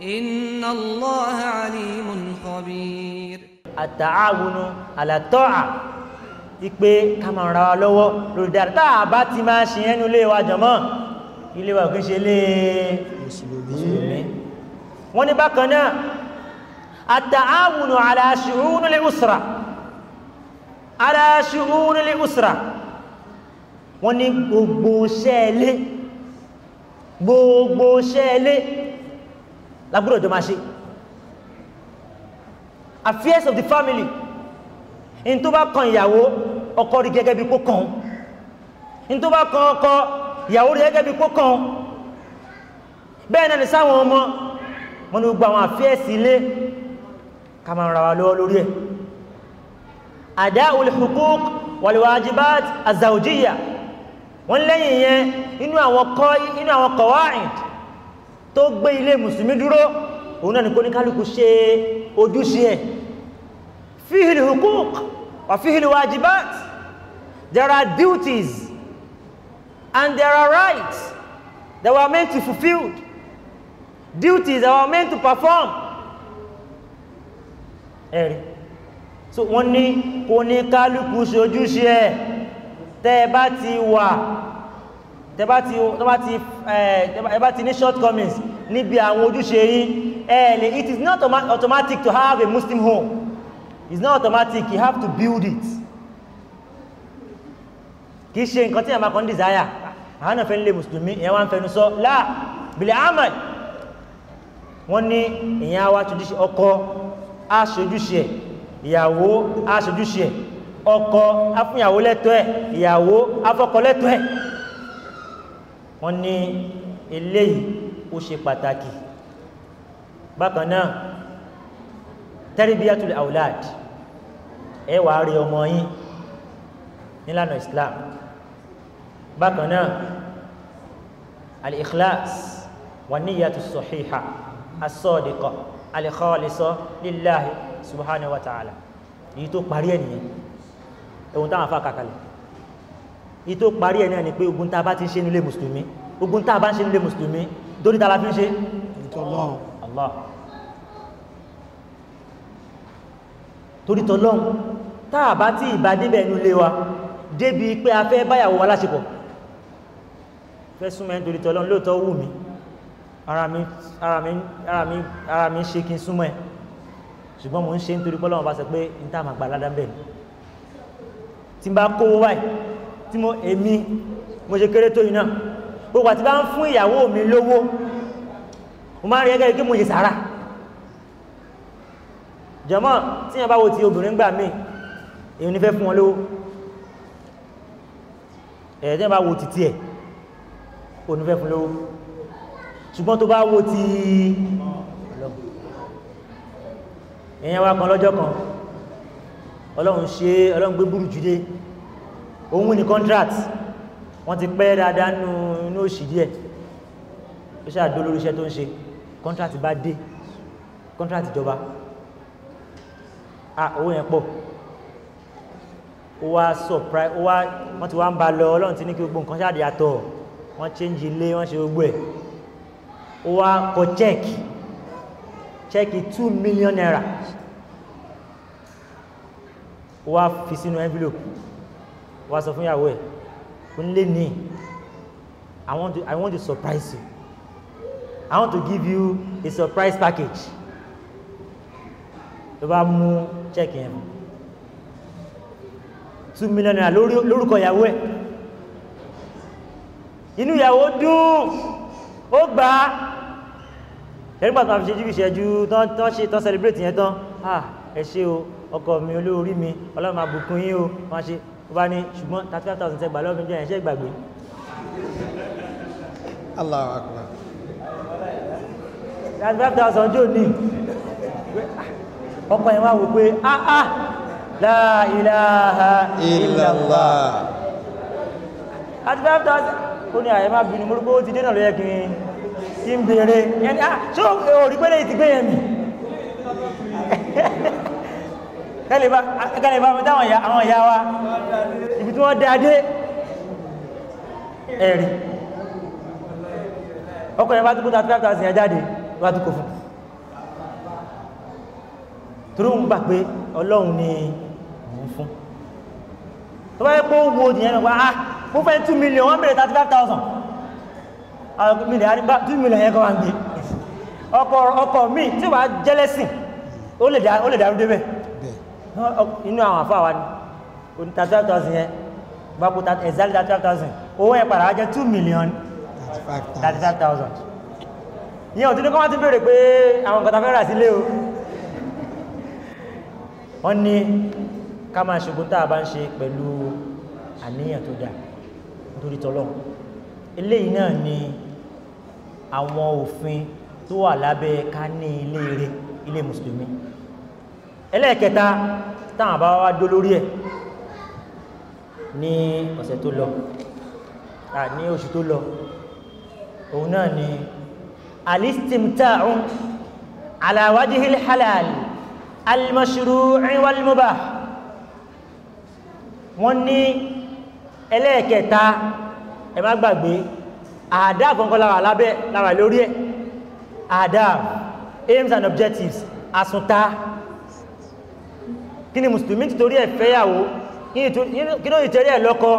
inna Allaha alimun khabir. àtàwùnú àlàtọ́à ipe ká máa ra wa lọ́wọ́ lórí dáadáa tá a bá ti máa ṣe ẹnu ilé wa jọ̀mọ́ ilé wa kì í ṣe ilé mùsùlùmí wọ́n ní bákan náà àtàwùnú ala shu'unil usra ala shu'unil usra wọ́n ní gbogbo ṣẹ́ẹ̀lé gbogbo ṣẹ́ẹ̀lé lágbọ́dọ̀ jọ máa ṣe affairs of the family in tó bá kan ìyàwó ọkọ rí gẹ́gẹ́ bí kó kan in tó bá kan ọkọ ìyàwó rí gẹ́gẹ́ bí kó kan bẹ́ẹ̀ náà ni sáwọn ọmọ wọn ni gbogbo àwọn affairs ilé ká máa ra wa lọ́wọ́ lórí ẹ̀ ada'ul huquq wal wajibat az wọ́n lẹ́yìn yẹn inú àwọn kọ́ inú àwọn qawaid tó gbé ilé mùsùlùmí dúró òun náà ni kó ní kálukú ṣe ojúṣe ẹ̀ fihil hukuk wa wajibat there are duties and there are rights that were meant to fulfill duties that were meant to perform ẹ̀rí so wọ́n ní kó ní kálukú ṣe ojúṣe ẹ̀ tẹ́ ẹ bá ti wà tẹ́bá ti tẹ́bá ti ẹ̀ẹ́bá ti ní shortcomings níbi àwọn ojúṣe yín ẹ̀ẹ́lẹ̀ it is not automatic to have a muslim home it's not automatic you have to build it kì í ṣe nǹkan tí àwọn akọ̀ desire àwọn náà fẹ́ lé mùsùlùmí ìyẹn wá ń fẹnu sọ láà bìlẹ̀ ahmed wọ́n ní ìyẹn àwa ṣojúṣe ọkọ aṣojúṣe ìyàwó aṣojúṣe ọkọ afúnyàwó lẹ́tọ́ ẹ̀ ìyàwó afọkọ lẹ́tọ́ ẹ̀ wọ́n ní eléyìí ó ṣe pàtàkì bákan náà tarbiyatul awlad ẹ wàá rí ọmọ yín nílànà Islam bákan náà al-ikhlas wa niyyatu sahiha as-sadiqa al subhanahu wa ta'ala èyí tó parí ẹ̀ nìyẹn ẹ̀wọ̀n táwọn afa kàkàlẹ̀ yìí tó parí ẹ̀ náà ni pé ogun tá a bá ti ń ṣe nílé mùsùlùmí ogun tá a bá ń ṣe nílé mùsùlùmí dórí tá a la fi ń ṣe. Allah torí tọlọ́n tá a bá tí ìbá débẹ̀ inú ilé wa débi pé a fẹ́ báyàwó wa láṣepọ̀ fẹ́ súnmọ́ ẹni wù mí ara mi ṣe kí n súnmọ́ ẹ ṣùgbọ́n mo ń ṣe nítorí pé bá sọ pé n tá gbà ládàá bẹ́ẹ̀ tí n bá kówó báyìí tí mo èmi mo ṣe kéré tó yìí gbogbo àti bá ń fún ìyàwó mi lówó mo máa ń rí ẹgẹ́ rí kí mo ṣe sàárà jọmọ́ tí yẹn bá wo ti obìnrin gbà mí èyí ní fẹ́ fún wọn lówó ẹ̀yẹ̀ tí yẹn bá wo ti tiẹ̀ ò ní fẹ́ fún lówó ṣùgbọ́n tó bá wo ti ẹ̀yẹn wa kan lọ́jọ́ kan ọlọ́run ṣe ọlọ́run gbé burú jùdé òun ni contract wọ́n ti pẹ́ dáadáa nínú inú òṣì díẹ̀ ó ṣàdó lórí iṣẹ́ tó ń ṣe contract bá dé contract ìjọba ah owó yẹn pọ̀ ó wá surprise ó wá wọ́n ti wá ń ba lọ ọlọ́run ti ní kí gbogbo nǹkan ṣáà yàtọ̀ wọ́n change ilé wọ́n ṣe gbogbo ẹ̀ ó wá kọ check check two million naira ó wá fi sínú envelope wá sọ fún ìyàwó ẹ̀ kò lé ní i want to i want to surprise you i want to give you a surprise package ló bá mú check yẹn two million naira lórúkọ ìyàwó ẹ̀ inú ìyàwó dùn ó gbà á ẹ̀rígbà tó àfi ṣe jú ìṣẹ́jú tán ṣe tán celebrate yẹn tán ah ẹ ṣé o ọkọ mi olórí mi ọlọ́run máa bùkún yín o wọ́n á ṣe ó bá ní ṣùgbọ́n thirty five thousand ṣẹgbà lọ́wọ́ mi jẹ́ ẹ̀ṣẹ́ ìgbàgbé. Allahu akbar. thirty five thousand jò ní ọkọ̀ yẹn wá wò pé ah ah la ilaha illallah thirty five thousand ó ní àyè ah, má bínú mo rú pé ó ti dé náà ló yẹ kí n kí n béèrè ẹni ah ṣé o rí pé lè ti kẹ́lẹ̀bá àwọn ìyá wa ibi tí wọ́n dáadé ẹ̀rì ọkọ̀ ẹ̀bá tó kó tàbí àtàrà sí àjáde wà tó kò fún torí ń gbà pé ọlọ́run ni òun fún tó bá yẹ pé ó wo ìyẹn nípa ah mo fẹ́ 2 million wọ́n bèèrè 35,000 àwọn mílíọ̀n àríbá 2 million yẹn kọ́ wá ń gbé ọkọ̀ mi tí wàá jẹ́lẹ́sìn ó lè dàrú débẹ̀ inú àwọn àfa wa ni òní ta twelve thousand yẹn bá kó exactly ta owó yẹn padà jẹ́ two million 35,000. five thousand ìyẹn ò tún ní kọ́ wọ́n ti béèrè pé àwọn nǹkan ta fẹ́ rà sílé o wọ́n ní ká máa ṣògùn tá a bá ń ṣe pẹ̀lú àníyàn tó dáa nítorí tọ́lọ́ eléyìí náà ni àwọn òfin tó wà lábẹ́ ká ní ilé ilé mùsùlùmí ẹlẹ́ẹ̀kẹta táwọn bá wá dó lórí ẹ̀ ní ọ̀sẹ̀ tó lọ ní oṣù tó lọ òun náà ni alistimta'un ala wajhil halal almashru'i wal mubah wọ́n ní ẹlẹ́ẹ̀kẹta ẹ má gbàgbé àdá kọ̀ọ̀kan lára lábẹ́ lára lórí ẹ̀ àdá aims and objectives àsùntà kí ni mùsùlùmí ti torí ẹ̀ fẹ́yàwó kí ló ti torí ẹ̀ lọ́kọ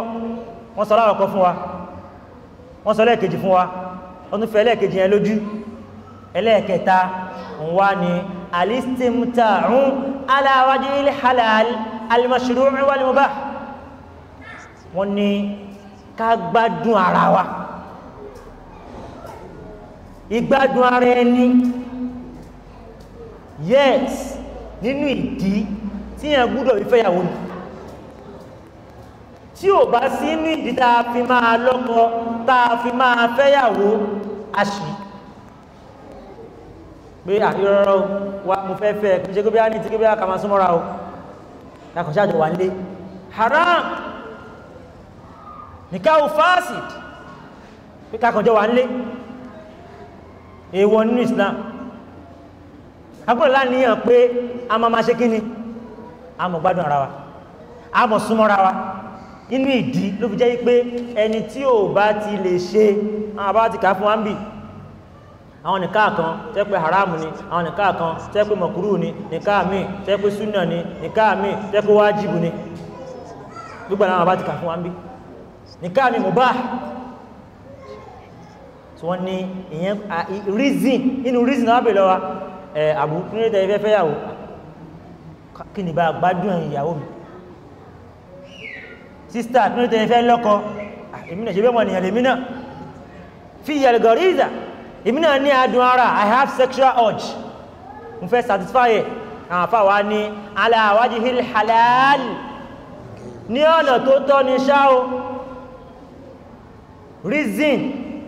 wọ́n sọ láwọn kan fún wa wọ́n sọ lẹ́ẹ̀kejì fún wa wọ́n tún fẹ́ lẹ́ẹ̀kejì yẹn lójú ẹlẹ́ẹ̀kẹta ń wá ní alistimtaun ala wajhil halal al-mashru' wọ́n ní ká gbádùn ara wa ìgbádùn ara ẹni yes nínú ìdí tí yẹn gbúdọ̀ ìfẹ́yàwó ni tí ò bá sí ní ìdí tá a fi máa lọ́kọ tá a fi máa fẹ́yàwó àṣì pé àìrọ́rọ́ wa mo fẹ́ fẹ́ kí n ṣe kí bí a ní ti kí bí a kà máa súnmọ́ra o lákọ̀ọ́ṣẹ́ àjọ wà nílé haram nìkáwò fásit pé kákànjọ wà nílé èèwọ̀ nínú Islam agbọ́nlá níyàn pé a máa máa ṣe kí ni àmọ́ gbádùn ara wa àmọ́ súnmọ́ra wa inú ìdí ló fi jẹ́ pé ẹni tí ò bá ti lè ṣe àwọn bá ti kà fún wáńbì àwọn nìka kan tẹ́ pé haramu ni àwọn nìka kan tẹ́ pé mọ̀kúrú ni nìka míì tẹ́ pé súnà ni nìka míì tẹ́ pé wájìbù ni gbogbo àwọn bá ti kà fún wáńbì nìka míì mubah tí wọ́n ní ìyẹn reason inú reason náà bèèrè lọ́wọ́ ẹ̀ àbùkù nílẹ̀ tẹ́ yàwó kí ni bá a gbádùn ẹ̀yìn ìyàwó mi sísítà kí ló tẹ̀yẹ fẹ́ lọ́kọ èmi náà ṣe bẹ́ẹ̀ mọ̀ nìyàn lèmi náà fi ìyàlẹ̀ gọ̀rí ìzà èmi náà ní adùn ara i have sexual urge mo fẹ́ satisfy ẹ̀ àwọn afáwa ní aláwájú hil halal ní ọ̀nà tó tọ́ ní ṣá o reason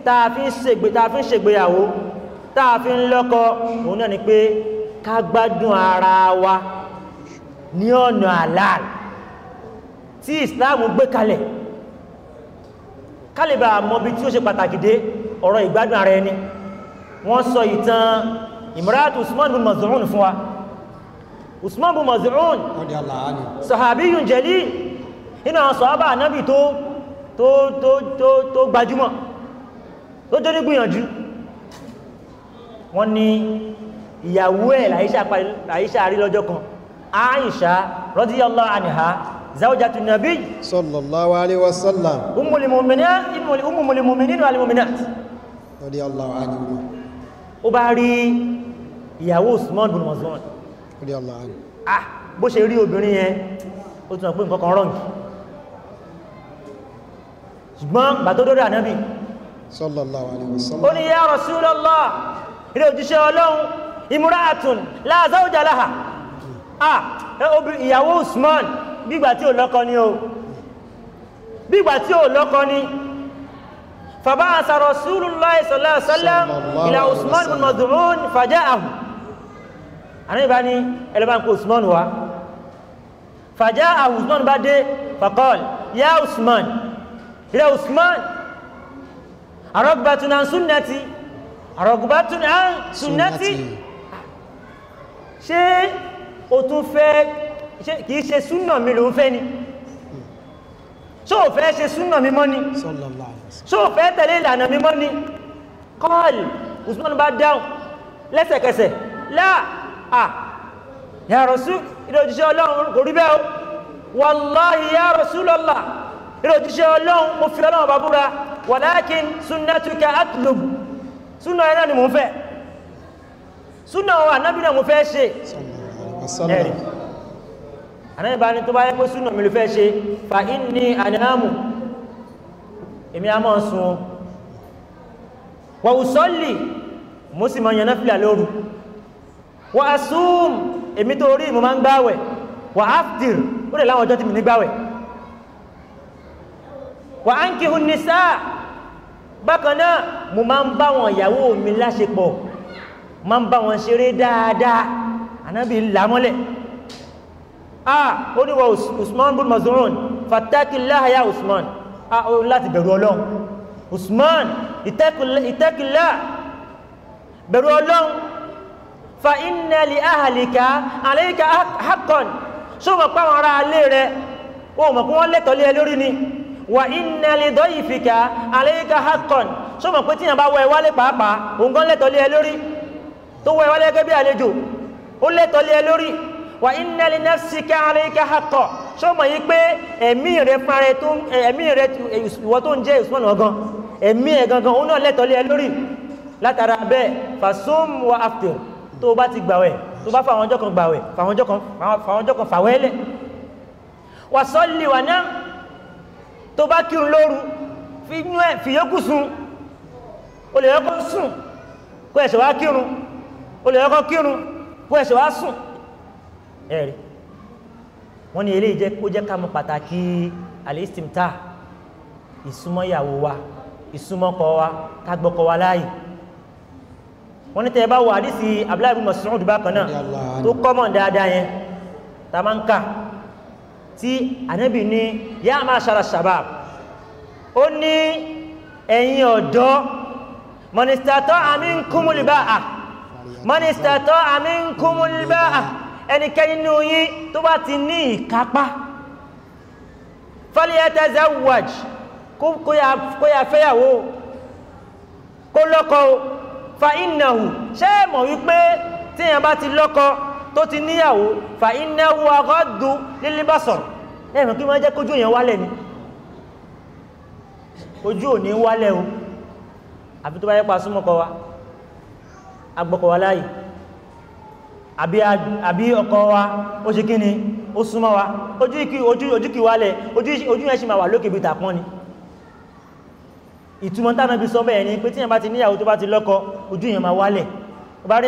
tá a fi ń ṣègbè tá a fi ń ṣègbéyàwó tá a fi ń lọ́kọ òun náà ni pé ká gbádùn ara wa ní ọ̀nà halal tí islam gbé kalẹ̀ kálíbà mọ́bí tí ó ṣe pàtàkì dé ọ̀rọ̀ ìgbádùn ara ẹni wọ́n sọ ìtàn ìmọ̀ràtù usman bin maz'un fún wa usman bin maz'un sahabiyun jalil inú àwọn sọ̀hábà anábì tó tó tó tó tó gbajúmọ̀ tó jẹ́ nígbìyànjú wọ́n ní ìyàwó ẹ̀ làyíṣà rí lọ́jọ́ kan aisha radiyallahu anha zawjatu nabi sallallahu alaihi wasallam umul mu'minin imul umul mu'minin wal mu'minat radiyallahu anhu ó bá rí ìyàwó usman bin mazun radiyallahu anhu ah bó ṣe rí obìnrin yẹn ó tún pé nǹkan kan wrong ṣùgbọ́n bá tó dọ́dọ̀ ànábì sallallahu alaihi wasallam ó ní ya rasulullah ilé òjíṣẹ́ ọlọ́run imra'atun la zawja laha ah ìyàwó Usman bígbà tí ò lọ́kọ ni o bígbà tí ò lọ́kọ ni fàbá àsàrọ̀ Rasulullahi sallallahu alaihi wasallam ìlà Usman bin Mad'un faja'ahu àní ìbá ní ẹlẹ́bàǹkó Usman wa faja'ahu Usman bá dé faqal ya Usman ya Usman arọ́gbàtún an sunnati arọ́gbàtún an sunnati ṣé o tún fẹ́ kì í ṣe súnà mi ló ń fẹ́ ni ṣó o fẹ́ ṣe súnà mi mọ́ ni ṣó o fẹ́ tẹ̀lé ìlànà mi mọ́ ni kọ́ọ̀lì usman bá dáhùn lẹ́sẹ̀kẹsẹ̀ láà à ya Rasul ìròjíṣẹ́ ọlọ́run kò rí bẹ́ẹ̀ o wallahi ya mo fi ọlọ́run bá búra walakin sunnatuka atlub súnà ẹ̀rọ ni mo fẹ́ súnà wa nábìnà mo fẹ́ ṣe ẹ̀rì ànábì ní tó bá yẹ pé súnà mi ló fẹ́ ṣe fa inni ànáàmù èmi á mọ̀ sun o wà ùsọ́lì mo sì mọ̀ yànnà fìlà lóru wà asúm èmi tó rí mo máa ń gbáwẹ̀ wà áfdìr ó lè láwọn ọjọ́ tí mi ní gbáwẹ̀ wà ankihu nisaa bákan náà anabi lamọ́lẹ̀ ah ó ní wọ usman bin mazurun fatakillah ya usman ah ó láti bẹ̀rù ọlọ́run usman ìtẹ́killah bẹ̀rù ọlọ́run fa inna li ahlika alayka haqqan ṣó mọ̀ pàwọn ará alé rẹ̀ wọ́n mọ̀ pé wọ́n lẹ́tọ̀ọ́ lé ẹ lórí ni wà inna li dayfika alayka haqqan ṣó mọ̀ pé tíyàn bá wọ ẹ wálé pàápàá òun gan lẹ́tọ̀ọ́ lé lórí tó wọ ẹ wálé bí àlejò ó lẹ́tọ̀ọ́ lé ẹ lórí wà inna li nafsika alayka haqqan ṣó mọ̀ yìí pé ẹ̀mí rẹ parẹ́ tó ẹ̀mí rẹ ìwọ tó ń jẹ́ Usman ọ̀gan ẹ̀mí ẹ̀ gangan òun náà lẹ́tọ̀ọ́ lé ẹ lórí látara bẹ́ẹ̀ fasum wa aftir tó o bá ti gbàwẹ̀ tó bá fàwọn ọjọ́ kan gbàwẹ̀ fàwọn ọjọ́ kan fàwẹ́lẹ̀ wà sọ́ọ̀lì wà náà tó bá kírun lóru fìyókù sùn o lè yọkọ sùn kó ẹ̀ṣẹ̀ wá kírun o lè kírun wọ́n ẹ̀ṣẹ̀ wá sùn ẹ̀rí wọ́n ní eléyìí jẹ́ kó jẹ́ ká mọ pàtàkì alistimta ìsúnmọ́ ìyàwó wa ìsúnmọ́kọ wa ká gbọ́kọ wa láàyè wọ́n ní tẹ́ ẹ bá wọ àdìsí Abdullahi ibn Mas'ud bákan náà tó kọ́mọ̀ dáadáa yẹn tá a máa ń kà tí ànábì ní yá ma'shara shabab ó ní ẹ̀yin ọ̀dọ́ man istata'a minkumul ba'a man istata'a minkumul ba'a ẹnikẹ́ni nínú yín tó bá ti ní ìkápá falyatazawwaj kó ya fẹ́yàwó kó lọ́kọ fa innahu ṣé mọ̀ wípé tí èèyàn bá ti lọ́kọ tó ti níyàwó fa innahu aghaddu lilbasar ẹ̀rùn kí wọ́n jẹ́ kójú èèyàn wálẹ̀ ni ojú ò ní wálẹ̀ o àbí tó bá yẹ pa súnmọ́kọ wa agbọ́kọ̀ wa láàyè àbí ọkọ̀ wa ó ṣe kí ni ó súnmọ́ wa ojú kì wálẹ̀ ojú yẹn ṣe máa wà lókè bí tàpọ́n ni ìtumọ̀ tánà bí sọ bẹ́ẹ̀ ni pé tíyàn bá ti níyàwó tó bá ti lọ́kọ ojú yẹn máa wálẹ̀ ó bá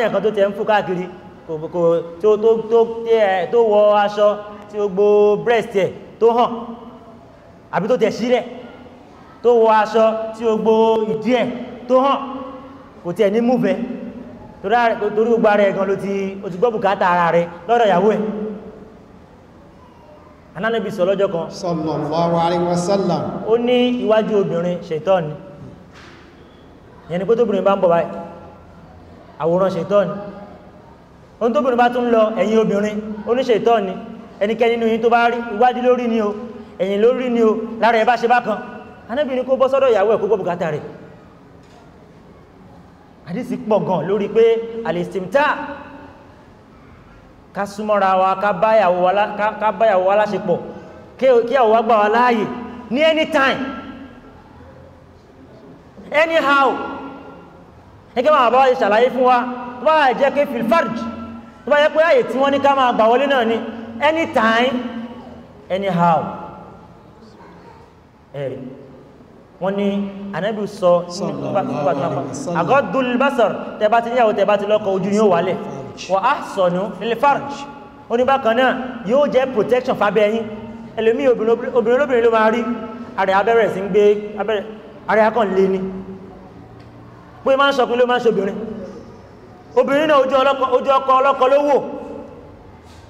tí breast ẹ̀ tó hàn àbí tó tẹ̀ sílẹ̀ tó wọ aṣọ tí ó gbó ìdí ẹ̀ tó ní múvẹ́ torí gbogbo ara ẹ̀ gan ló ti o ti gbọ́ bùkátà ara rẹ lọ́dọ̀ ìyàwó ẹ̀ anábì sọ lọ́jọ́ kan sallallahu alaihi wasallam ó ní iwájú obìnrin ṣètọ́n ni ìyẹn ni pé tóbìnrin bá ń bọ̀ báyìí àwòrán ṣètọ́n ni ohun tóbìnrin bá tún lọ ẹ̀yìn obìnrin oníṣètọ́n ni ẹnikẹ́ni nínú yín tó bá rí iwájú lórí ni o ẹ̀yìn lórí ni o lára ẹ̀ bá ṣe bákan anábì ní kó bọ́ sọ́dọ̀ ìyàwó ẹ̀ kó gbọ́ bùkátà rẹ̀ àdísì pọ̀ gan lórí pé alistimta ká súnmọ́ra wa ká báyàwó wa láṣepọ̀ kí àwọ̀ wa gbà wá láàyè ní anytime anyhow gẹ́gẹ́ máa bá wa ṣàlàyé fún wa tó bá jẹ́ pé filfarj tó bá yẹ pé àyè tí wọ́n ní ká máa gbà náà ni anytime anyhow Hey wọ́n ní anabi sọ agadul basar tẹ́ bá ti níyàwó tẹ́ bá ti lọ́kọ ojú yóò wálẹ̀ wa ahsanu fil farj oníbàkan náà yóò jẹ́ protection fábẹ́ yín ẹlòmíì obìnrin olóbìnrin ló máa rí àrẹ abẹ́rẹ́ sí ń gbé abẹ́rẹ́ àrẹ akàn lé ní pé máa ń sọkún ló máa ń sobìnrin obìnrin náà ojú ọkọ ọlọ́kọ ló wò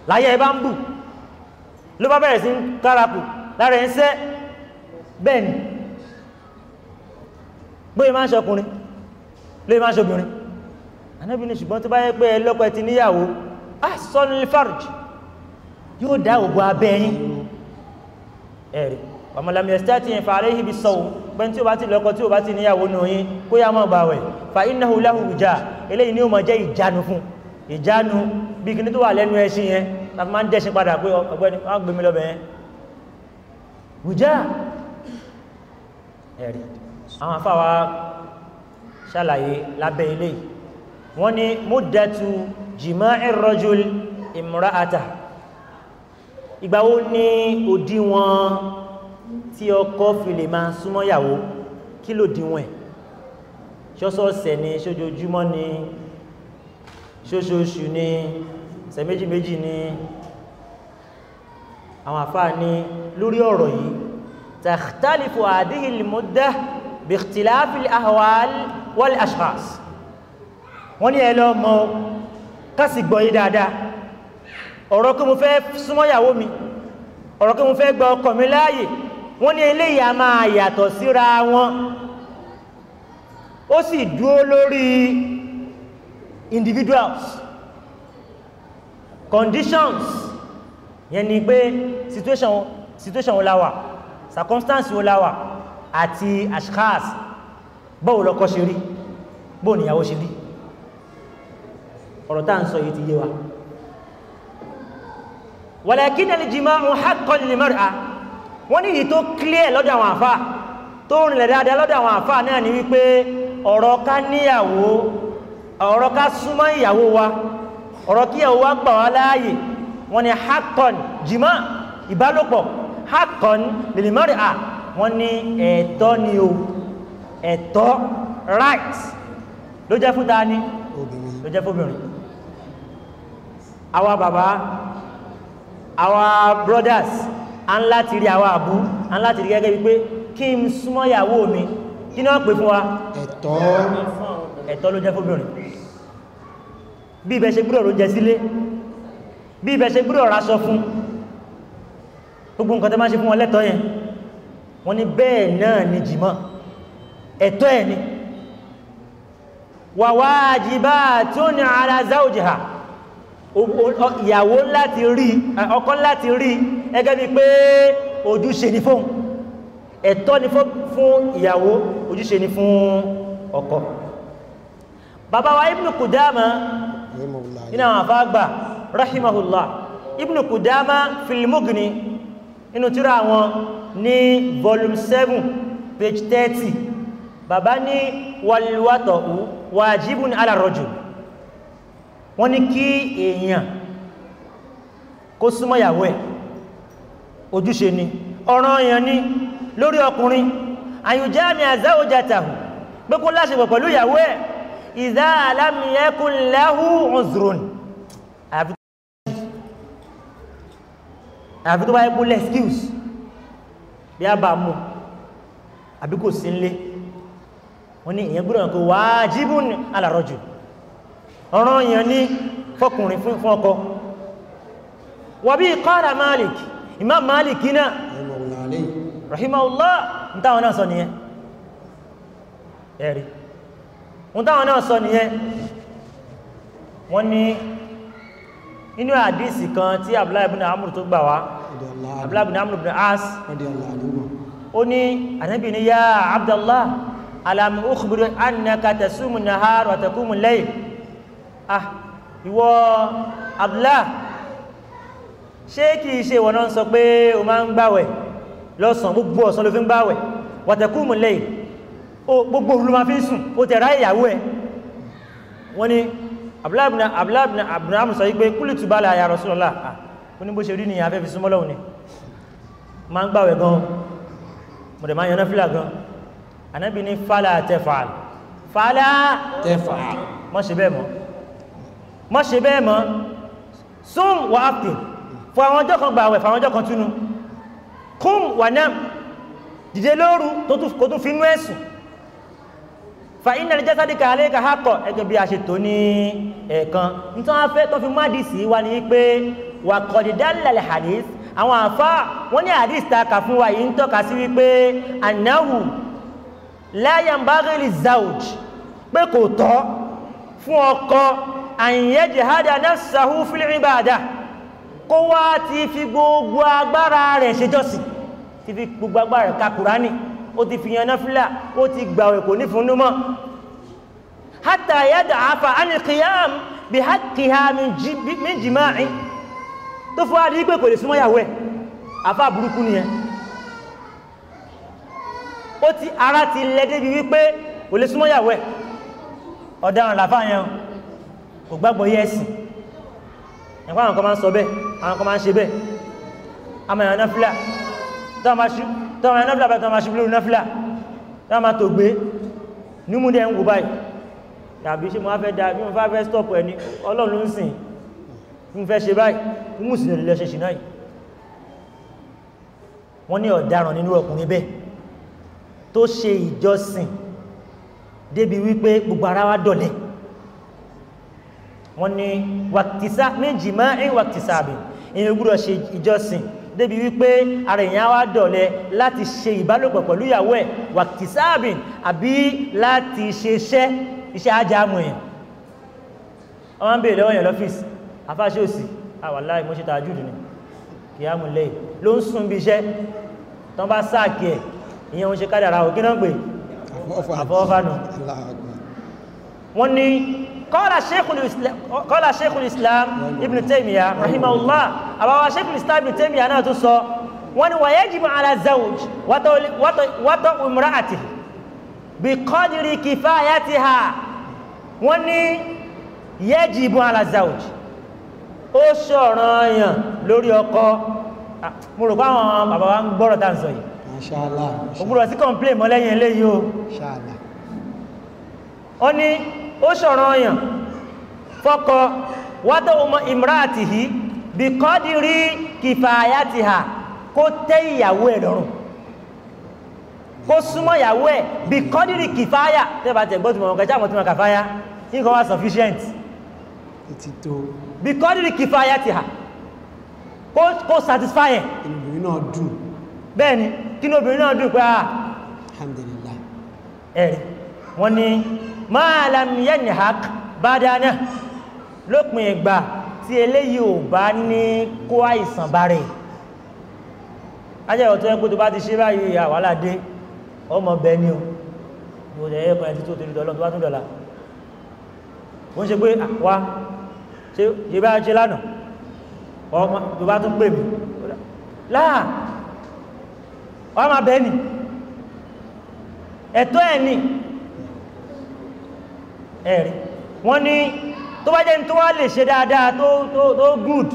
láyé ẹ bá ń bù ló bá bẹ̀rẹ̀ sí ń kárakù lára ẹ̀ ń sẹ́ bẹ́ẹ̀ ni bóyá máa ń ṣọkùnrin lóyè máa ń ṣobìnrin anábì ní ṣùgbọ́n tó bá yẹ pé ẹ lọ́pọ̀ ti níyàwó á sọ́nù fàrùjì yóò dá òbò abẹ́ yín ẹ̀rí ọmọlàmì ẹ̀sítẹ́ ti yẹn fàárẹ̀ ibi sọ̀wọ́ pé tí o bá ti lọ́kọ tí o bá ti níyàwó nù yín kó yá máa gbàwẹ̀ fa innahu lahu ìjà eléyìí ni ó máa jẹ́ ìjánu fún ìjánu bí kíní tó wà lẹ́nu ẹṣin yẹn láti máa ń dẹ́ṣin padà pé ọgbẹ́ni wọ́n á gbé àwọn afáwa ṣàlàyé lábẹ́ ilé wọ́n ní múdẹ́tu jima'i rajul imra'ata ìgbà wo ni òdiwọ̀n tí ọkọ fi lè máa súnmọ́yàwó kí ló diwọ̀n ẹ̀ ṣọ́sọ̀ọ̀sẹ̀ ni ṣojoojúmọ́ ni ṣoṣooṣù ni ṣẹ̀ méjì méjì ni àwọn àfáà ni lórí ọ̀rọ̀ yìí tàhtálìfò àdíhìlì muddah باختلاف ikhtilafi al-ahwal wal ashkhas wọ́n ní ẹ lọ mọ kásì gbọ́ yìí dáadáa ọ̀rọ̀ kí mo fẹ́ súnmọ́ ìyàwó mi ọ̀rọ̀ kí mo fẹ́ gba ọkọ mi láàyè wọ́n ní eléyìí individuals conditions yẹn ni pé situation situation wo la wà circumstance wo la wà àti ashkhas báwo lọ́kọ ṣe rí báwo níyàwó ṣe rí ọ̀rọ̀ tá à ń sọ yìí ti yé wa walakin al-jima'u haqqan lil-mar'a wọ́n ní èyí tó clear lọ́dọ̀ àwọn àfà tó rìnlẹ̀ dáadáa lọ́dọ̀ àwọn àfà náà ni wípé ọ̀rọ̀ ká wọ́n ní ẹ̀tọ́ ni o ẹ̀tọ́ right ló jẹ́ fún dání ló jẹ́ fóbìnrin àwa bàbá àwa brothers a ń láti rí àwa àbú a ń láti rí gẹ́gẹ́ bí pé kí n súnmọ́ ìyàwó mi kí ni wọ́n pè fún wa ẹ̀tọ́ ẹ̀tọ́ ló jẹ́ fóbìnrin bí ibẹ̀ ṣe gbúdọ̀ ló jẹ sílé bí ibẹ̀ ṣe gbúdọ̀ ra sọ fún gbogbo nǹkan tẹ́ máa ṣe fún wọn lẹ́tọ́ yẹn wọ́n ní bẹ́ẹ̀ náà ni jìmọ́ ẹ̀tọ́ ẹ̀ ni wa wajibatun ala zawjiha ìyàwó láti rí ọkọ láti rí ẹgẹ́ bí pé ojúṣe ni fún ẹ̀tọ́ ni fún ìyàwó ojúṣe ni fún ọkọ bàbá wa ibn Qudama iná àfáàgbà rahimahullah ibn Qudama fil nínú tírà wọn ní volume seven page thirty bàbá ní wàlúwàtọ̀ wàjibun alárọ̀jù wọ́n ní kí èèyàn kó súnmọ́ ìyàwó ẹ̀ ojúṣe ni ọ̀ràn èèyàn ni lórí ọkùnrin àyùjáàmì àzáwòjàtàhù pé kó láṣepọ̀ pẹ̀lú ìyàwó ẹ̀ ìzá alámìyẹ́kùnláhù ọ̀zùrùn àfi tó bá yẹ kó lẹ́ skills bí a bá mú àbí kò sí nlé wọ́n ní ìyẹn gbọ́dọ̀ kó wájibun ala rajul ọ̀ràn yẹn ní fọkùnrin fún ọkọ wọ́n bí qala Malik Imam Malik náà rahimahullah ń táwọn náà sọ nìyẹn ẹ̀rí ń táwọn náà sọ nìyẹn wọ́n ní nínú àdísì kan tí abdullahi ibn amr tó gbà wá abdullahi ibn amr ibn as ó ní ànábì ní yá abdullah alam ukhbiru annaka tasumu nahar wa takumu layl ah ìwọ abdullah ṣé kìí ṣe ìwọ náà sọ pé o máa ń gbàwẹ̀ lọ́sàn gbogbo ọ̀sán ló fi ń gbàwẹ̀ wa takumu layl gbogbo olùmọ̀ fi sùn o tẹ̀ ẹ̀ wọ́n ní abúláàbìnà abúláàbìnà abúláàbìnà sọ wípé kúlù tù bá lè àyà rọ̀sùlọ́lá ó ní bó ṣe rí ní afẹ́fẹ́ súnmọ́lọ́hùn ni ma ń gbàwẹ̀ gan mo dẹ̀ máa yan náfìlà gan anábì ní fàlà tẹfàl fàlà tẹfàl má ṣe bẹ́ẹ̀ mọ́ má ṣe bẹ́ẹ̀ mọ́ sum wà ápì fún àwọn ọjọ́ kan gbàwẹ̀ fún àwọn ọjọ́ kan túnú kúm wà náà dìde lóru tó tún finú ẹ̀sùn fa iná lè jásádì kàlẹ́ kà á kọ̀ ẹgbẹ́ bí a ṣe tó ní ẹ̀ẹ̀kan nítorí wọn fẹ́ tó fi má dìísì wa ni pé wà kọ̀dídá lálẹ́ hadith àwọn àfa wọn ní hadith ta kà fún wa yìí ń tọ́ka sí wípé anáwù láyàmbágẹ́lì zawj pé kò tọ́ fún ọkọ àyẹ̀jẹ̀ hádà náà sàhú fílẹ̀ ìbàdà kó wá ti fi gbogbo agbára rẹ̀ ṣèjọ́sìn ti fi gbogbo agbára rẹ̀ ka Kùránì ó ti fìyàn náfìlà ó ti gbàwẹ̀ kò ní fún mọ́ hátà yàdà àfà ánìkìyàm bí hàkìhà méjìmáàrín tó fún adé pé kò lè súnmọ́ yàwó ẹ̀ àfà burúkú nìyẹn ó ti ara ti lẹ débi wípé kò lè súnmọ́ yàwó ẹ̀ ọ̀daràn làfà yẹn kò gbàgbọ́ yẹ ẹ̀kọ́ àwọn kan máa ń sọ bẹ́ẹ̀ àwọn kan máa ń ṣe bẹ́ẹ̀ àmọ́ ìyàn náfìlà tọ́mọ ẹ̀ nọ́fìlà báyìí tọ́mọ aṣíbi lórí nọ́fìlà tọ́mọ tó gbé nímúdẹ̀ ń wò báyìí tàbí ṣe mo wá fẹ́ da bí mo fẹ́ stop ẹni ọlọ́run ló ń sìn mo fẹ́ ṣe báyìí mo mú ìsìnlẹ̀ lọ́ṣẹ̀ ṣì náà wọ́n ní ọ̀daràn nínú ọkùnrin bẹ́ẹ̀ tó ṣe ìjọsìn débi wípé gbogbo ara wa dọ̀lẹ́ wọ́n ní wàkìtìsá méjì máa ń wàkìtìsá àbẹ̀ èèyàn gbúdọ̀ ṣe ìjọsìn débi wípé ara èèyàn wá dọ̀lẹ láti ṣe ìbálòpọ̀ pẹ̀lú ìyàwó ẹ̀ wàkìsáàbìn àbí láti ṣe iṣẹ́ iṣẹ́ ajáàmù yẹn ọmọ ń bèèrè lọ́wọ́ yẹn lọ́fíìsì afáṣe òsì àwàláì mo ṣe tààjú ni kìyàmù lẹ́yìn ló ń sún bí iṣẹ́ tán bá sáàkì ẹ̀ ìyẹn òun ṣe kádàrà òkè náà pé àfọwọ́fà nù wọ́n ní قال شيخ الإسلام قال شيخ الإسلام ابن تيمية رحمه الله أبا شيخ الإسلام ابن تيمية أنا تصو وأن ويجب على الزوج وطأ امرأته بقدر كفايتها وأن يجب على الزوج ó ṣọ̀ràn àyàn lórí ọkọ mo rò pé àwọn bàbá wa ń gbọ́rọ̀ tá à ń sọ yìí inshallah sí complain mọ́ eléyìí ó ní ó ṣọ̀rọ̀ ọyàn fọ́kọ wátó ọmọ ìmúráàtì yìí bí kọ́dírí kìfàyà ti hà kó tẹ́ ìyàwó ẹ̀ lọ́rùn kó súnmọ́ ìyàwó ẹ̀ bí kọ́dírí kìfàyà tẹ́ bá tẹ̀ gbọ́ tìmọ̀ ọ̀gá jáàmù tìmọ̀ kàfáyà nǹkan wá sufficient bí kọ́dírí kìfàyà ti hà kó satisfy ẹ̀ obìnrin náà dùn bẹ́ẹ̀ ni kí ni obìnrin náà dùn pé ah alhamdulillah ẹ̀rí wọ́n ní ma lam yanhaq badana lópin ìgbà tí eléyìí ò bá ní kó àìsàn bá rẹ̀ ajẹ́rọ̀ tó ẹ́ pé tó bá ti ṣe báyìí àwàlá dé ọmọ bẹ ní o mo jẹ́ ẹ̀kọ́ ẹ̀ tí tó torí dọ́lọ́ tó bá tún dọ̀la wọ́n ni ẹ̀rí wọ́n ní tó bá jẹ́ ní tó wá lè ṣe dáadáa tó tó tó good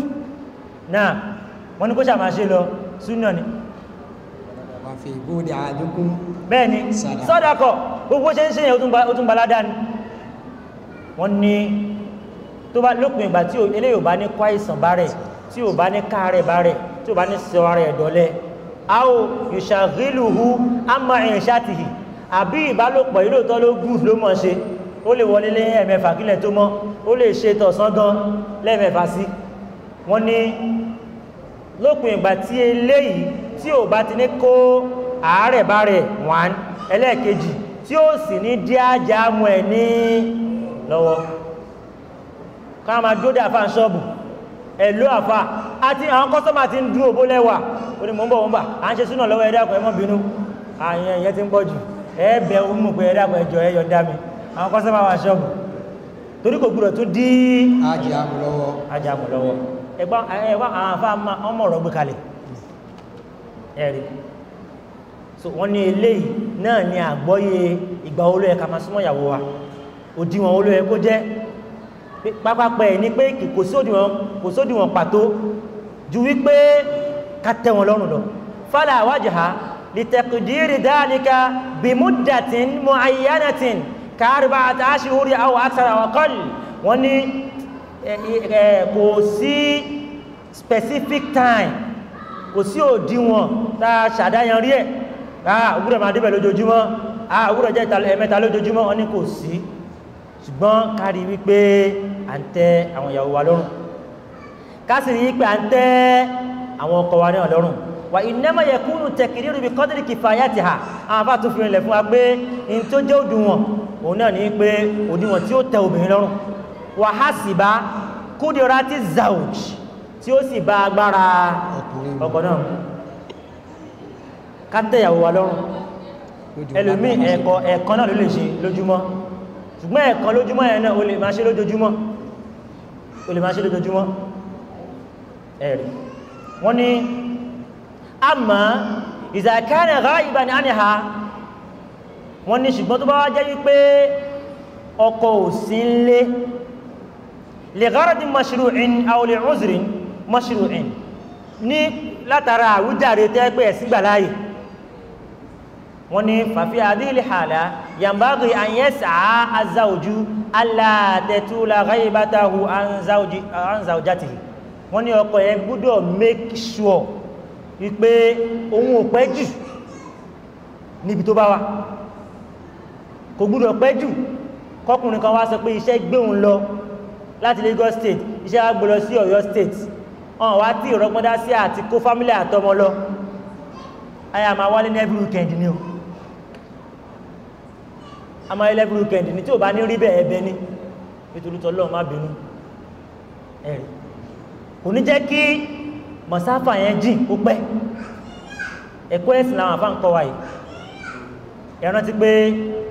náà wọ́n ní kó ṣàmà ṣe lọ súnà ni. wàfẹ̀ ìbòdì ni sọ́dọ̀kọ̀ gbogbo ṣe ń ṣe yẹn ó tún balada ni wọ́n ní tó bá lópin ìgbà tí eléyìí ò bá ní kó àìsàn bá rẹ̀ tí ò bá ní káàrẹ̀ bá rẹ̀ tí ò bá ní sọ ara ẹ̀ dọ́lẹ̀ aw yushagiluhu amma inshatihi àbí ìbálòpọ̀ ìlóòótọ́ ló gùn ló mọ̀ ṣe ó lè wọlé lé ẹ̀mẹ́fà kílẹ̀ tó mọ́ ó lè ṣe tọ̀sán gan lẹ́ẹ̀mẹ́fà sí wọ́n ní lópin ìgbà tí eléyìí tí ò bá ti ní kó àárẹ̀ bá rẹ̀ wọ́n ẹlẹ́ẹ̀kejì tí ó sì ní dí ajá mu ẹ̀ ní lọ́wọ́ ká máa dóde àfa ń ṣọ́ọ̀bù ẹ̀lú àfa àti àwọn kọ́sọ́mà ti ń dúró bó lẹ́wà ó ní mò ń à ń ṣe súnà lọ́wọ́ ẹ̀dá kan àyẹ̀yẹ ti ń pọ̀ jù ẹ̀ mú pé ẹ̀dá kan ẹ̀jọ̀ dá mi àwọn kọ́sẹ́bà wà ṣọ́ọ̀bù torí kò gbúdọ̀ tún dí ajagun lọ́wọ́ ẹgbà àwọn afá ọmọ ọ̀rọ̀ gbé kalẹ̀ ẹ̀rí so wọ́n ní eléyìí náà ni àgbọ́yé ìgbà olóyẹ ká máa súnmọ́ ìyàwó wa òdiwọ̀n olóyẹ kó jẹ́ pápápẹ́ ẹ̀ ní pé kò sódiwọ̀n pàtó ju wípé ká tẹ́ wọn lọ́rùn lọ fala wajha li taqdiri dhalika bimudatin muayyanatin káàrùbá àtàṣíhúrí àwọn àkàrà àwọ̀kọ́l wọ́n ní kò sí specific time kò sí òdiwọ̀n tá a ṣàdáyan rí ẹ̀ àwúrẹ̀ máa débẹ̀ lójoojúmọ́ àwúrẹ̀ jẹ́ ẹ̀mẹ́ta lójoojúmọ́ wọ́n ní kò sí ṣùgbọ́n kárí wípé à ń tẹ́ àwọn ìyàwó wa lọ́rùn kásì rí pé à ń tẹ́ àwọn ọkọ wa náà lọ́rùn wà innama yakunu taqdiru bi qadri kifayatiha àwọn afá tó fi rìnlẹ̀ fún wa pé in tó jẹ́ òdiwọ̀n òun náà ní pé òdiwọ̀n tí ó tẹ obìnrin lọ́rùn wà á sì bá kúdìrá ti zawj tí ó sì bá agbára ọkọ náà ká tẹ̀yàwó wa lọ́rùn ẹlòmíì ẹ̀kọ́ ẹ̀kan náà ló lè ṣe lójúmọ́ ṣùgbọ́n ẹ̀kan lójúmọ́ yẹn náà o máa ṣe lójoojúmọ́ o máa ṣe lójoojúmọ́ ẹ̀rí wọ́n ní àmọ́ ìzàkánà ráìbá ní àníhà wọ́n ní ṣùgbọ́n tó bá wá jẹ́ wípé ọkọ ò sí nlé lè gáràdì mashru'in aw li uzrin mashru'in ní látara àwùjáre tẹ́ pé ẹ̀sìn gbà láàyè wọ́n ní fàfi àdìlì hàlà yambaghi an yas'a az-zawju wọ́n ní ọkọ yẹn gbọ́dọ̀ make sure wípé òun ò jù níbi tó bá wà kò gbúdọ̀ pẹ́ jù kọkùnrin kan wá sọ pé iṣẹ́ gbé lọ láti Lagos state iṣẹ́ wa gbé lọ sí Ọ̀yọ́ state ọ̀n wá tí ìrọ́gbọ́n dá sí àti kó fámílì àtọmọ lọ ayé àmà wálé ní every weekend ni o àmà wálé every weekend ni tí ò bá ní rí bẹ́ẹ̀ ẹbẹ ní nítorí tọ́lọ́ má bínú ẹ̀rì kò ní jẹ́ kí mọ̀sáfà yẹn jìn kó pẹ́ ẹ̀kọ́ ẹ̀sìn làwọn àfáǹkọ́ wa ẹ rántí pé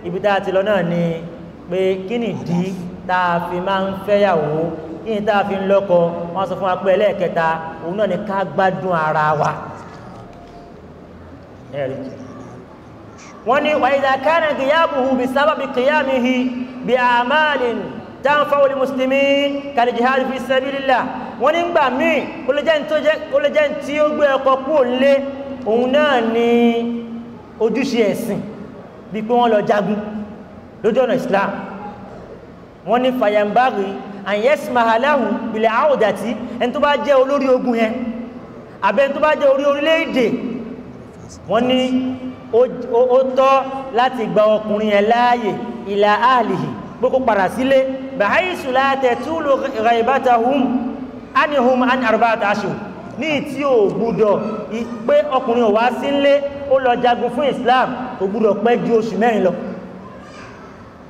ibi tá a ti lọ náà ni pé kí ni ìdí tá a fi máa ń fẹ́yàwó kí ni tá a fi ń lọ́kọ wọ́n sọ fún wa pé ẹlẹ́ẹ̀kẹta òun náà ni ká gbádùn ara wa wọ́n ní wàyídà kánà kìyàmùhù bí sábàbí kìyàmùhì bí àmàlìn tánfàwọ́ lè mùsùlùmí kàlì jihad fi sabilillah wọ́n ní gbà míì ó lè jẹ́ tí ó gbé ọkọ̀ kúrò lé òun náà ni ojúṣe ẹ̀sìn bí pé wọ́n lọ jagun lójú ọ̀nà islam wọ́n ní fàyàmbáàrí àyẹ́sì mahaláhù ìpìlẹ̀ àwòdàtí ẹni tó bá jẹ́ olórí ogun yẹn àbẹ́ni tó bá jẹ́ orí orílẹ̀-èdè wọ́n ní ó tọ́ láti gba ọkùnrin yẹn láàyè ìlà àhàlìhì pé kó padà sílé bàáyìsù látẹ̀ túlù ràìbátà hum anihum an arba'ata ashhur ní tí ò gbúdọ̀ pé ọkùnrin ò wá sílé ó lọ jagun fún islam kò gbúdọ̀ pẹ́ ju oṣù mẹ́rin lọ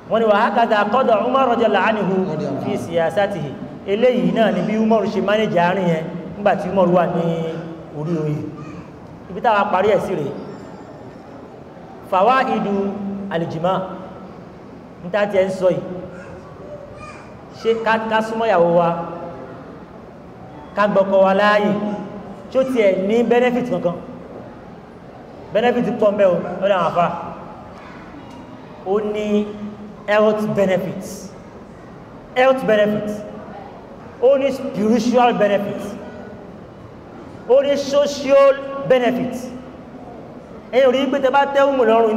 wọ́n ní wàhálà kàtà kọ́dọ̀ Umar radiyallahu anhu fi siyasatihi eléyìí náà ni bí Umar ṣe mánéjì àárín yẹn nígbà tí Umar wà ní orí oyè ibi táwa parí ẹ̀ sí rèé fawaidu alìjìmá níta tí ẹ ń sọ yìí ṣé ká súnmọ́ ìyàwó wa ká gbọ́kọ wa láàyè tí ó tiẹ̀ ní benefit kankan benefit pọ̀ mẹ́ o lọ́dọ̀ àwọn àfá ó ní health benefits health benefits ó ní spiritual benefits ó ní social benefits ẹ̀yìn orí pé tẹ bá tẹ́ umu lọ́rùn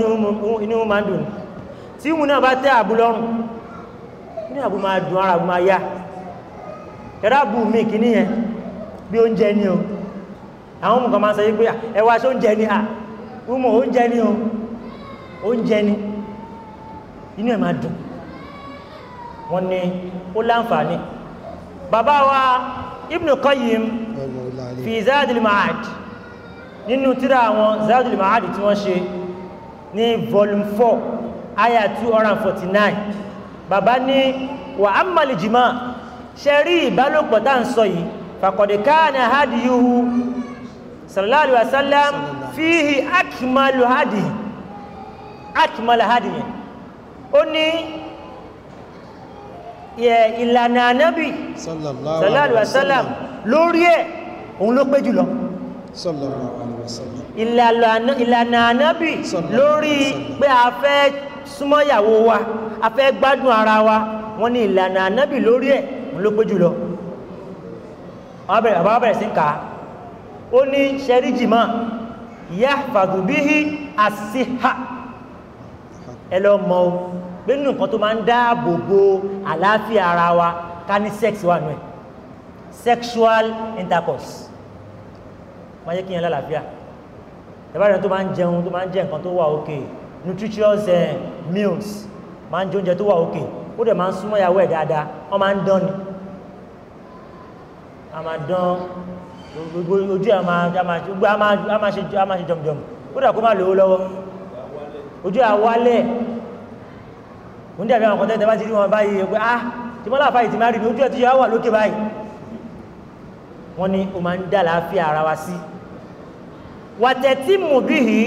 inú umu máa ń dùn tí umu náà bá tẹ́ àbú lọ́rùn inú àbú máa dùn ara àbú máa yá yàrá bù mí kìíní yẹn bí oúnjẹ ni o àwọn ọmọ kan máa ń sọ yí pé ẹwà ṣe oúnjẹ ni a rúmọ̀ oúnjẹ ni o oúnjẹ ni inú ẹ̀ máa dùn wọ́n ní ó láǹfààní bàbá wa Ibn Qayyim fi Zadil Ma'ad nínú tíra àwọn Zadil Ma'ad tí wọ́n ṣe ní volume four aya two hundred and forty nine bàbá ní wa amma al-jima ṣe rí ìbálòpọ̀ tá à ń sọ yìí faqad kana hadiyuhu sallallahu alaihi wa sallam fíhì akímalù hadi, akímalù hádì yẹn ó ní ìlànà anábì sallallahu alaihi wasallam lórí ẹ̀ òun ló pé jùlọ sallallahu alaihi wasallam ìlànà anábì lórí pé a fẹ́ súnmọ́yàwó wa a fẹ́ gbádùn ara wa wọ́n ní ìlànà anábì lórí ẹ̀ òun ló pé jùlọ àwọn sí ń kà ó ní ṣẹ́ríjì máa yahfadhu bihi as-siha ẹ lọ mọ o pé nínú nǹkan tó máa ń dáàbò bo àlàáfíà ara wa ká ní sex wà nù ẹ̀ sexual intercourse máa yẹ kí yẹn lálàáfíà ìbáraẹni tó máa ń jẹun tó máa ń jẹ nǹkan tó wà òkè nutritious eh, meals máa ń jẹ oúnjẹ tó wà òkè ó dẹ̀ máa ń súnmọ́ ìyàwó ẹ̀ dáadáa wọ́n máa ń dán ni a máa dán gbogbo ojú àmà àmà gbogbo àmà àmà ṣe àmà ṣe jọmjọm ó dà kó má lówó lọ́wọ́ ojú àwálẹ̀ ó ń dàbí àwọn kọ́tẹ́ tẹ́ bá ti rí wọn báyìí pé ah tí mọ́lá àfáyì ti máa rí mi ojú ẹ̀ ti yọ wà lókè báyìí wọ́n ní o máa ń dà láàfíà ara wa sí wàtẹ̀tí mùbíhì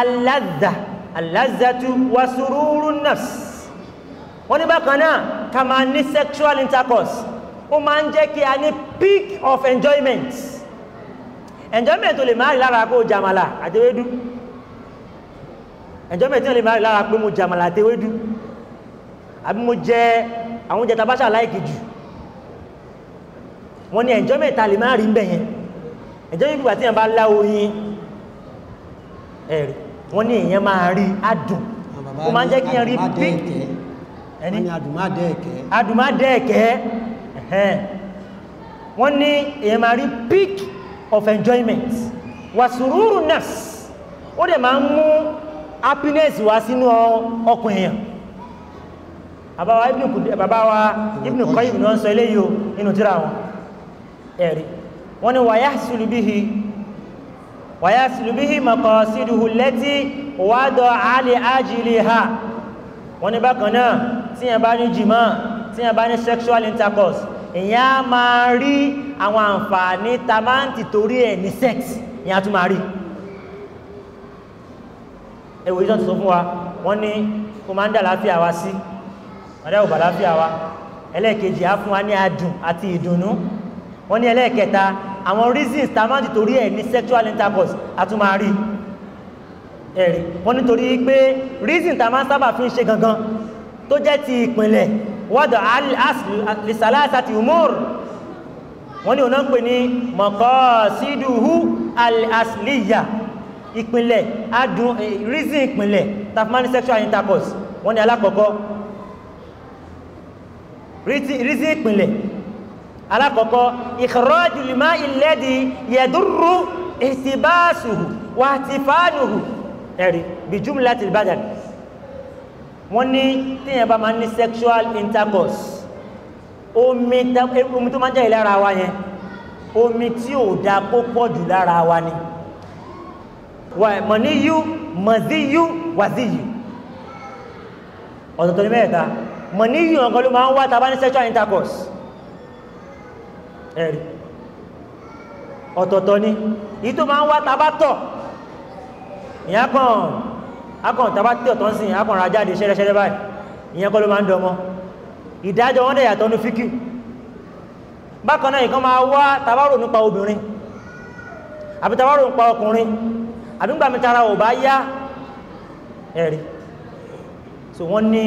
aláza alazatu wasururu nafs wọ́n ní bákan náà ká máa ní sexual intercourse ó máa ń jẹ́ kí a ní peak of enjoyment enjoyment tó lè máa rí lára kó jàmàlà àtewédú enjoyment tó lè máa rí lára pé mo jàmàlà àtewédú àbí mo jẹ àwọn oúnjẹ tabasa láìkì jù wọ́n ní enjoyment ta lè máa rí mbẹ̀ yẹn enjoyment gbogbo àti yẹn bá lá oyin ẹ̀rí wọ́n ní èèyàn máa rí adùn ó máa ń jẹ́ kí yẹn rí bí ẹni adùn má dẹ́ẹ̀kẹ́ wọ́n ní èèyàn máa rí píkì of enjoyment wà sùúrù nafs ó dẹ̀ máa ń mú happiness wá sínú ọkùn èèyàn àbáwá ibn kùdí bàbáwá ibn Qayyim ni wọ́n sọ eléyìí o nínú tíra wọn ẹ̀rí wọ́n ni wàyá sùlùbíhi wàyá sùlùbíhi maqasiduhu allati wàádọ̀ àlè ajliha wọ́n ni bákan náà tí ní jìmá tí ní sexual intercourse ìyẹn á máa rí àwọn àǹfààní ta máa ń tìtorí ẹ̀ ní sex ìyẹn á tún máa rí ẹ̀wò ìjọ ti sọ fún wa wọ́n ní kó máa ń dà láfíà wa sí ọ̀dà ò láfíà wa ẹlẹ́ẹ̀kejì á fún wa ní adùn àti ìdùnnú wọ́n ní ẹlẹ́ẹ̀kẹta àwọn reasons ta máa ń tìtorí ẹ̀ ní sexual intercourse á tún máa rí ẹ̀rí wọ́n nítorí pé reason ta máa ń sábà fi ń ṣe gangan tó jẹ́ ti ìpìnlẹ̀ wọ́dọ̀ alìsàlásàtì umar wọ́n ní ọ̀nà ń pè ní maqasiduhu al'asliya ìpìnlẹ̀ adùn eh, reason ìpìnlẹ̀ tafmani sexual intercourse wọ́n ní alákọ̀ọ́kọ́ reason ìpìnlẹ̀ alákọ̀ọ́kọ́ ikhraju lima alladhi yadurru ìsìbáṣùhù wàtífánùhù ẹ̀rí bí jumlatil badan wọ́n ní téèyàn bá máa ní sexual intercourse omi tó máa ń jáde lára wa yẹn omi tí ò da kó pọ̀ jù lára wa ni mọ̀ní yú mọ̀zí yú wàzí yú ọ̀tọ̀tọ̀ ní mẹ́ta mọ̀ní yú ọ̀gọ́ ló máa ń wá tàbá ní sexual intercourse ẹ̀rí ọ̀tọ̀tọ̀ ní ìyí tó máa ń wá tàbá tọ̀ ìyá kan akọ̀n tàbá tí ọ̀tọ́ ń sìn akọ̀n ajáde ṣẹ́rẹ́ṣẹ́rẹ́ báyìí ìyẹn kọ́ ló máa ń dọmọ ìdájọ́ wọn dẹ̀ yàtọ̀ ní fíkì bákan náà nǹkan máa wá tàbárò nípa obìnrin àbí tàbárò nípa ọkùnrin àbí ńgbà mi tara ò bá yá ẹ̀rí so wọ́n ní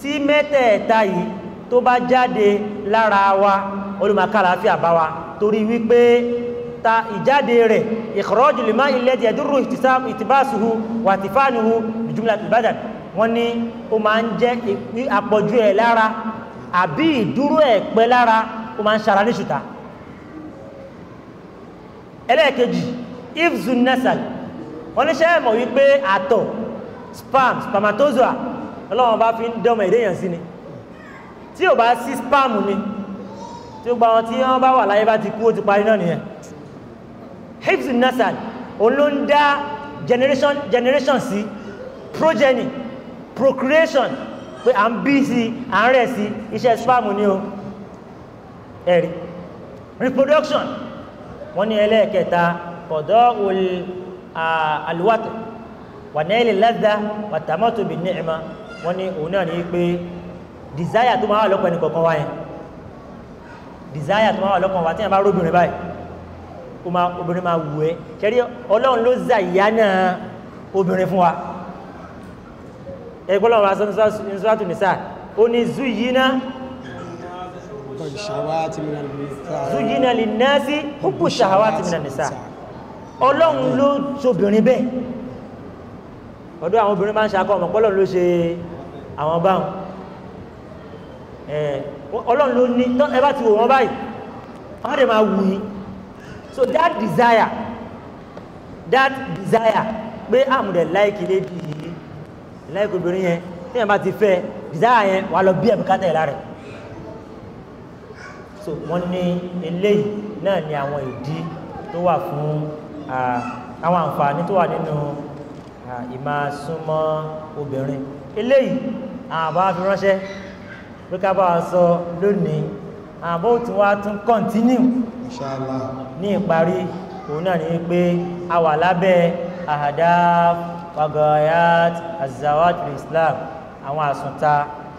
tí mẹ́tẹ̀ẹ̀ta yìí tó bá jáde lára wa olùmọ̀ká bá wa torí wípé ta ìjáde rẹ̀ ìkọ̀rọ̀jù lè má ilẹ̀ díẹ̀ dúró ìtìbáṣuhu wà tìfáànuhu ìjúmọ̀lá ìbàdàn wọ́n ní ó máa ń jẹ́ àpọ̀jù ẹ̀ lára àbí ìdúró ẹ̀ pẹ́ lára ó máa ń ṣara ní ṣùtà ẹlẹ́ẹ̀kejì ifzu nasal wọ́n ní ṣe wípé àtọ̀ spam spermatozoa ọlọ́wọ́n bá fi ń dánmọ ìdéyàn sí ni tí ò bá sí spam ni tí ó gba wọn tí wọ́n bá wà láyé bá ti kú ó ti parí náà nìyẹn hifz nasal òun generation generation sí progeny procreation pé à ń bí sí à ń rẹ̀ sí iṣẹ́ sperm ni o ẹ̀rí reproduction wọ́n ní ẹlẹ́ẹ̀kẹta ọ̀dọ́ àlùwàtò wà ní ilẹ̀ lẹ́dà wàtàmọ́tò bí ní ẹ̀ma wọ́n ní òun náà ní pé desire tó máa wà lọ́pọ̀ ẹnì kọ̀ọ̀kan wáyẹn desire tó máa wà lọ́pọ̀ wá tí wọ́n bá róbìnrin báyìí ó máa obìnrin máa wù ẹ́ ṣẹ́rí ọlọ́run ló zà ìyá náà obìnrin fún wa ẹ̀kọ́ lọ́run aṣọ nísọ́tù nìsà ó ní zuyina zuyina lè náà sí púpù ṣàwá ti mìíràn nìsà ọlọ́run ló tóbìnrin bẹ́ẹ̀ ọ̀dọ̀ àwọn obìnrin máa ń ṣakọ ọmọ pọ́lọ̀ ló ṣe àwọn báwọn ọlọ́run ló ní ẹ bá ti wò wọ́n báyìí wọ́n dẹ̀ máa wù yín so that desire that desire pé àmùdẹ̀ ah, láìkì lé di yìí láìkì obìnrin yẹn tí yẹn bá ti fẹ́ desire yẹn wà lọ bí ẹ̀bùkátà ìlà rẹ̀ so wọ́n ní eléyìí náà ni àwọn ìdí tó wà fún àwọn àǹfààní tó wà nínú ìmásúnmọ́ obìnrin eléyìí àwọn àbá fi ránṣẹ́ pé ká bá wa sọ lónìí àbó tí wọ́n á tún continue. inshallah ní ìparí òun náà ní pé a wà lábẹ́ ahadaf wagayat azawat islam àwọn àsùnta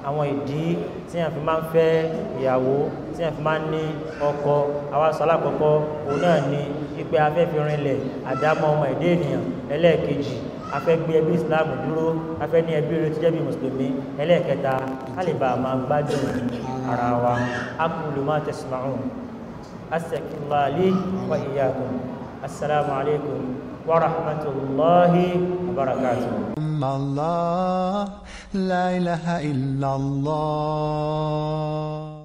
àwọn ìdí tí yàn fi máa ń fẹ́ ìyàwó tí yàn fi máa ń ní ọkọ àwọn aṣọ alákọ̀ọ́kọ́ òun náà ni ipe afẹ́fẹ́ rinlẹ̀ àdámọ́ ọmọ ẹ̀dá ènìyàn ẹlẹ́ẹ̀kejì afẹ́ gbé ẹbí islam dúró afẹ́ ní ẹbí rẹ tó jẹ́ bí mùsùlùmí ẹlẹ́ẹ̀kẹta a máa gbádùn ara wa aqulu ma tasma'un. أستغفر الله لي وإياكم السلام عليكم ورحمة الله وبركاته الله لا إله إلا الله